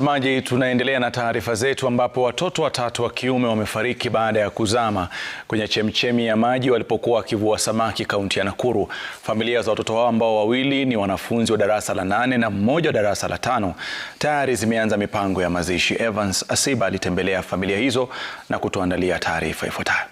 Maji, tunaendelea na taarifa zetu ambapo watoto watatu wa kiume wamefariki baada ya kuzama kwenye chemchemi ya maji walipokuwa wakivua samaki kaunti ya Nakuru. Familia za watoto hao ambao wawili ni wanafunzi wa darasa la nane na mmoja wa darasa la tano tayari zimeanza mipango ya mazishi. Evans Asiba alitembelea familia hizo na kutuandalia taarifa ifuatayo.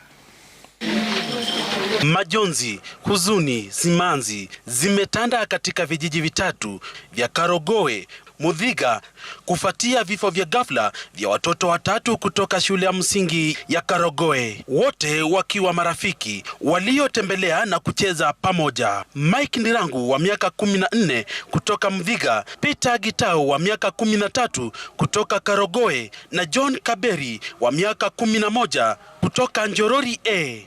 Majonzi, huzuni, simanzi zimetanda katika vijiji vitatu vya Karogoe, Mudhiga kufuatia vifo vya ghafla vya watoto watatu kutoka shule ya msingi ya Karogoe, wote wakiwa marafiki waliotembelea na kucheza pamoja. Mike Ndirangu wa miaka kumi na nne kutoka Mudhiga, Peter Gitau wa miaka kumi na tatu kutoka Karogoe na John Kaberi wa miaka kumi na moja kutoka Njorori A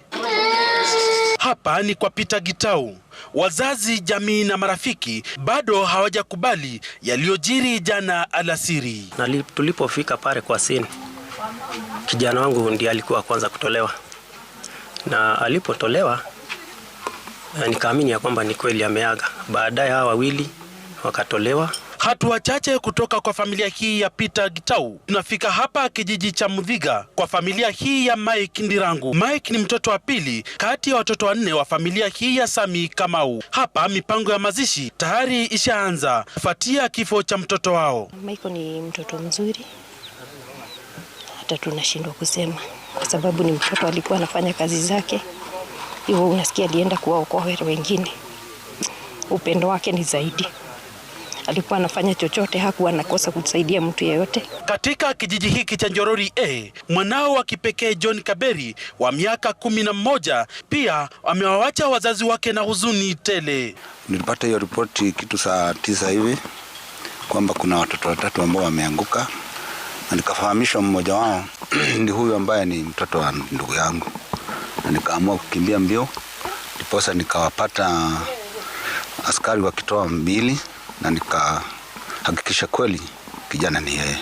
hapa ni kwa Peter Gitau. Wazazi, jamii na marafiki bado hawajakubali yaliyojiri jana alasiri. Na tulipofika pale kwa sini, kijana wangu ndiye alikuwa kwanza kutolewa, na alipotolewa eh, nikaamini ya kwamba ni kweli ameaga. Baadaye hawa wawili wakatolewa Hatua chache kutoka kwa familia hii ya Peter Gitau, tunafika hapa kijiji cha Mudhiga kwa familia hii ya Mike Ndirangu. Mike ni mtoto wa pili kati ya watoto wanne wa familia hii ya Sami Kamau. Hapa mipango ya mazishi tayari ishaanza kufuatia kifo cha mtoto wao. Mike ni mtoto mzuri, hata tunashindwa kusema kwa sababu ni mtoto alikuwa anafanya kazi zake, hivyo unasikia alienda kuwaokoa wengine. Upendo wake ni zaidi alikuwa anafanya chochote, hakuwa anakosa kusaidia mtu yeyote. Katika kijiji hiki cha Njorori A, mwanao wa kipekee John Kaberi wa miaka kumi na mmoja pia amewawacha wazazi wake na huzuni tele. Nilipata hiyo ripoti kitu saa tisa hivi kwamba kuna watoto watatu ambao wameanguka, na nikafahamishwa mmoja wao ni huyu ambaye ni mtoto wa ndugu yangu, na nikaamua kukimbia mbio, ndiposa nikawapata askari wakitoa mbili na nikahakikisha kweli kijana ni yeye.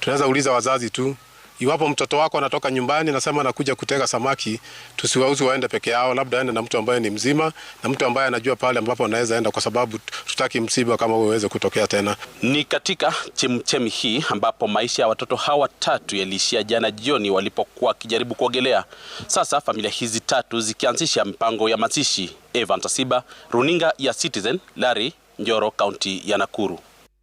Tunaweza uliza wazazi tu iwapo mtoto wako anatoka nyumbani nasema anakuja kutega samaki, tusiwauzi waende peke yao, labda aende na mtu ambaye ni mzima na mtu ambaye anajua pale ambapo anaweza enda, kwa sababu tutaki msiba kama huo uweze kutokea tena. Ni katika chemchemi hii ambapo maisha ya watoto hawa tatu yaliishia jana jioni walipokuwa wakijaribu kuogelea. Sasa familia hizi tatu zikianzisha mpango ya mazishi. Evan Tasiba, runinga ya Citizen, Lari Njoro, kaunti ya Nakuru.